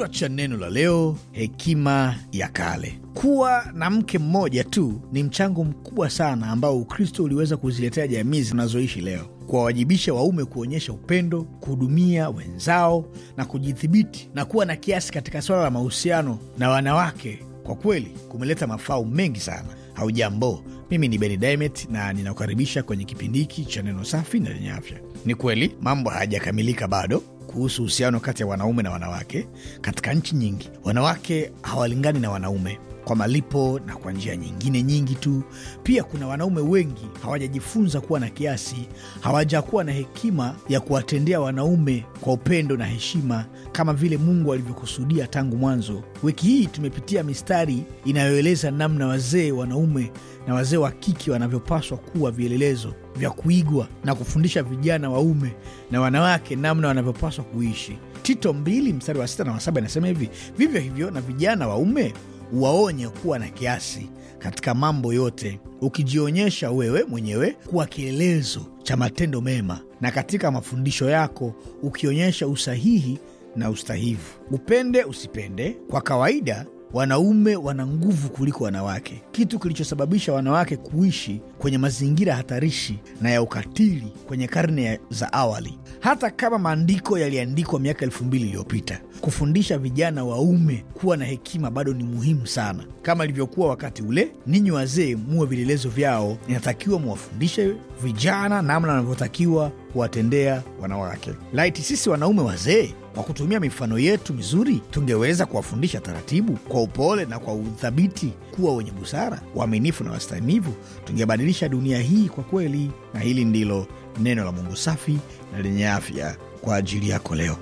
Kichwa cha neno la leo: hekima ya kale. Kuwa na mke mmoja tu ni mchango mkubwa sana ambao Ukristo uliweza kuziletea jamii zinazoishi leo, kuwawajibisha waume kuonyesha upendo, kuhudumia wenzao na kujidhibiti na kuwa na kiasi katika swala la mahusiano na wanawake. Kwa kweli kumeleta mafao mengi sana. Haujambo, mimi ni Beni Dimet na ninakukaribisha kwenye kipindi hiki cha neno safi na lenye afya. Ni kweli mambo hayajakamilika bado kuhusu uhusiano kati ya wanaume na wanawake. Katika nchi nyingi, wanawake hawalingani na wanaume kwa malipo na kwa njia nyingine nyingi tu. Pia kuna wanaume wengi hawajajifunza kuwa na kiasi, hawajakuwa na hekima ya kuwatendea wanaume kwa upendo na heshima kama vile Mungu alivyokusudia tangu mwanzo. Wiki hii tumepitia mistari inayoeleza namna wazee wanaume na wazee wa kike wanavyopaswa kuwa vielelezo vya kuigwa na kufundisha vijana waume na wanawake namna wanavyopaswa kuishi. Tito mbili mstari wa sita na wa saba inasema hivi: vivyo hivyo na vijana waume waonye kuwa na kiasi katika mambo yote, ukijionyesha wewe mwenyewe kuwa kielelezo cha matendo mema, na katika mafundisho yako ukionyesha usahihi na ustahivu. Upende usipende, kwa kawaida wanaume wana nguvu kuliko wanawake, kitu kilichosababisha wanawake kuishi kwenye mazingira hatarishi na ya ukatili kwenye karne za awali, hata kama maandiko yaliandikwa miaka elfu mbili iliyopita. Kufundisha vijana waume kuwa na hekima bado ni muhimu sana kama ilivyokuwa wakati ule. Ninyi wazee muwe vilelezo vyao, inatakiwa muwafundishe vijana namna wanavyotakiwa kuwatendea wanawake. Laiti sisi wanaume wazee kwa kutumia mifano yetu mizuri tungeweza kuwafundisha taratibu, kwa upole na kwa uthabiti, kuwa wenye busara, waaminifu na wastahimivu, tungebadilisha kubadilisha dunia hii kwa kweli, na hili ndilo neno la Mungu safi na lenye afya kwa ajili yako leo.